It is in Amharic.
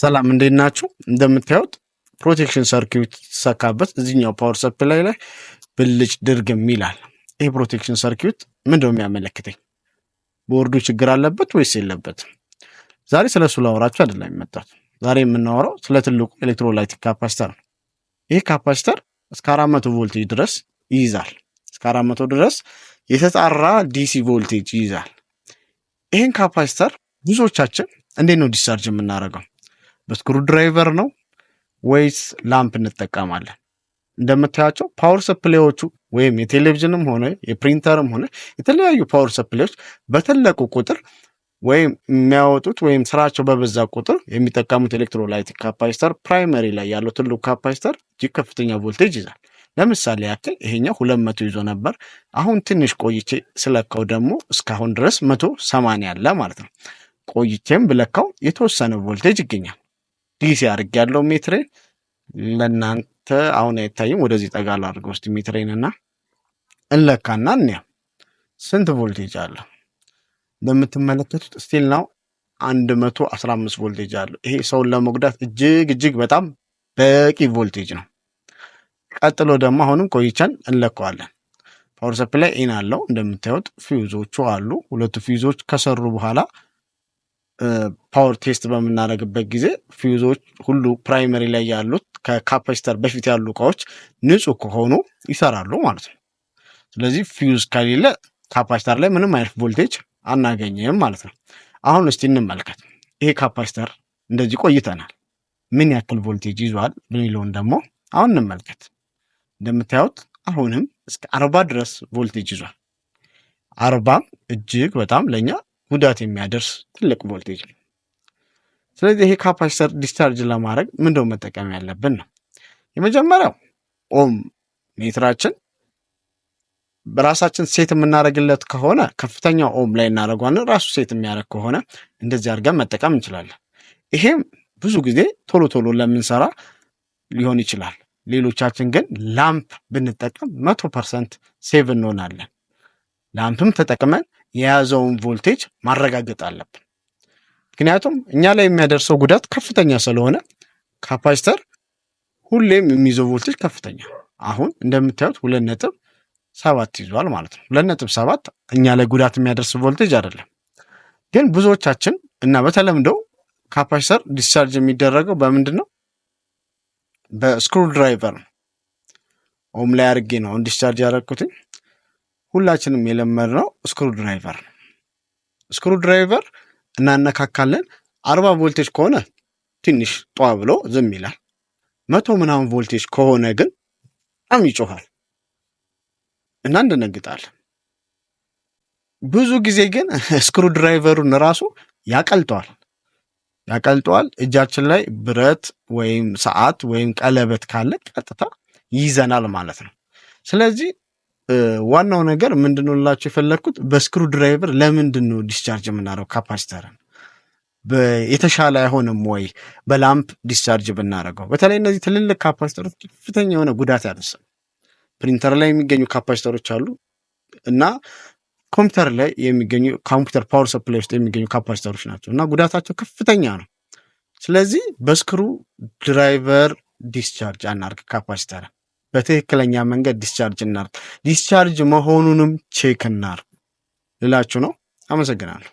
ሰላም እንዴት ናችሁ? እንደምታዩት ፕሮቴክሽን ሰርኪዩት ሲሰካበት እዚህኛው ፓወር ሰፕላይ ላይ ብልጭ ድርግም ይላል። ይህ ፕሮቴክሽን ሰርኪዩት ምንድን የሚያመለክተኝ? ቦርዱ ችግር አለበት ወይስ የለበትም? ዛሬ ስለ እሱ ላወራችሁ አይደለም የመጣሁት። ዛሬ የምናወራው ስለ ትልቁ ኤሌክትሮላይቲክ ካፓስተር ነው። ይህ ካፓስተር እስከ 400 መቶ ቮልቴጅ ድረስ ይይዛል። እስከ 400 ድረስ የተጣራ ዲሲ ቮልቴጅ ይይዛል። ይህን ካፓስተር ብዙዎቻችን እንዴት ነው ዲስቻርጅ የምናደርገው? በስክሩ ድራይቨር ነው ወይስ ላምፕ እንጠቀማለን? እንደምታያቸው ፓወር ሰፕላዮቹ ወይም የቴሌቪዥንም ሆነ የፕሪንተርም ሆነ የተለያዩ ፓወር ሰፕላዮች በተለቁ ቁጥር ወይም የሚያወጡት ወይም ስራቸው በበዛ ቁጥር የሚጠቀሙት ኤሌክትሮላይቲክ ካፓሲተር ፕራይመሪ ላይ ያለው ትልቁ ካፓሲተር እጅግ ከፍተኛ ቮልቴጅ ይዛል። ለምሳሌ ያክል ይሄኛው ሁለት መቶ ይዞ ነበር። አሁን ትንሽ ቆይቼ ስለካው ደግሞ እስካሁን ድረስ መቶ ሰማንያ አለ ማለት ነው። ቆይቼም ብለካው የተወሰነ ቮልቴጅ ይገኛል። ዲሲ አድርግ ያለው ሜትሬን ለእናንተ አሁን አይታይም። ወደዚህ ጠጋ ላድርገው ውስጥ ሜትሬን እና እንለካና እንያ ስንት ቮልቴጅ አለው እንደምትመለከቱት ስቲል ናው 115 ቮልቴጅ አለው። ይሄ ሰውን ለመጉዳት እጅግ እጅግ በጣም በቂ ቮልቴጅ ነው። ቀጥሎ ደግሞ አሁንም ቆይቻን እንለካዋለን። ፓወር ሰፕላይ ኢን አለው እንደምታዩት ፊውዞቹ አሉ። ሁለቱ ፊውዞች ከሰሩ በኋላ ፓወር ቴስት በምናደርግበት ጊዜ ፊውዞች ሁሉ ፕራይመሪ ላይ ያሉት ከካፓሲተር በፊት ያሉ እቃዎች ንጹህ ከሆኑ ይሰራሉ ማለት ነው። ስለዚህ ፊውዝ ከሌለ ካፓሲተር ላይ ምንም አይነት ቮልቴጅ አናገኝም ማለት ነው። አሁን እስቲ እንመልከት። ይሄ ካፓሲተር እንደዚህ ቆይተናል፣ ምን ያክል ቮልቴጅ ይዟል የሚለውን ደግሞ አሁን እንመልከት። እንደምታዩት አሁንም እስከ አርባ ድረስ ቮልቴጅ ይዟል። አርባም እጅግ በጣም ለእኛ ጉዳት የሚያደርስ ትልቅ ቮልቴጅ ነው። ስለዚህ ይሄ ካፓሲተር ዲስቻርጅ ለማድረግ ምንደው መጠቀም ያለብን ነው። የመጀመሪያው ኦም ሜትራችን በራሳችን ሴት የምናደርግለት ከሆነ ከፍተኛ ኦም ላይ እናደርጓለን። ራሱ ሴት የሚያደርግ ከሆነ እንደዚህ አድርገን መጠቀም እንችላለን። ይሄም ብዙ ጊዜ ቶሎ ቶሎ ለምንሰራ ሊሆን ይችላል። ሌሎቻችን ግን ላምፕ ብንጠቀም መቶ ፐርሰንት ሴቭ እንሆናለን። ላምፕም ተጠቅመን የያዘውን ቮልቴጅ ማረጋገጥ አለብን። ምክንያቱም እኛ ላይ የሚያደርሰው ጉዳት ከፍተኛ ስለሆነ ካፓስተር ሁሌም የሚይዘው ቮልቴጅ ከፍተኛ አሁን እንደምታዩት ሁለት ነጥብ ሰባት ይዟል ማለት ነው። ሁለት ነጥብ ሰባት እኛ ላይ ጉዳት የሚያደርስ ቮልቴጅ አይደለም። ግን ብዙዎቻችን እና በተለምደው ካፓስተር ዲስቻርጅ የሚደረገው በምንድን ነው? በስክሩ ድራይቨር ነው። ኦም ላይ አድርጌ ነው ዲስቻርጅ ያደረግኩትኝ ሁላችንም የለመድነው ስክሩ ድራይቨር ነው። ስክሩ ድራይቨር እናነካካለን። አርባ ቮልቴጅ ከሆነ ትንሽ ጧ ብሎ ዝም ይላል። መቶ ምናምን ቮልቴጅ ከሆነ ግን በጣም ይጮኋል እና እንደነግጣል። ብዙ ጊዜ ግን ስክሩ ድራይቨሩን ራሱ ያቀልጠዋል ያቀልጠዋል። እጃችን ላይ ብረት ወይም ሰዓት ወይም ቀለበት ካለ ቀጥታ ይይዘናል ማለት ነው። ስለዚህ ዋናው ነገር ምንድነው ላቸው የፈለግኩት በስክሩ ድራይቨር ለምንድን ነው ዲስቻርጅ የምናደረው ካፓሲተርን የተሻለ አይሆንም ወይ በላምፕ ዲስቻርጅ ብናደረገው? በተለይ እነዚህ ትልልቅ ካፓሲተሮች ከፍተኛ የሆነ ጉዳት ያደርሳል። ፕሪንተር ላይ የሚገኙ ካፓሲተሮች አሉ እና ኮምፒውተር ላይ የሚገኙ ኮምፒውተር ፓወር ሰፕላይ ውስጥ የሚገኙ ካፓሲተሮች ናቸው እና ጉዳታቸው ከፍተኛ ነው። ስለዚህ በስክሩ ድራይቨር ዲስቻርጅ አናርግ ካፓሲተርን በትክክለኛ መንገድ ዲስቻርጅ እናርግ። ዲስቻርጅ መሆኑንም ቼክ እናርግ ልላችሁ ነው። አመሰግናለሁ።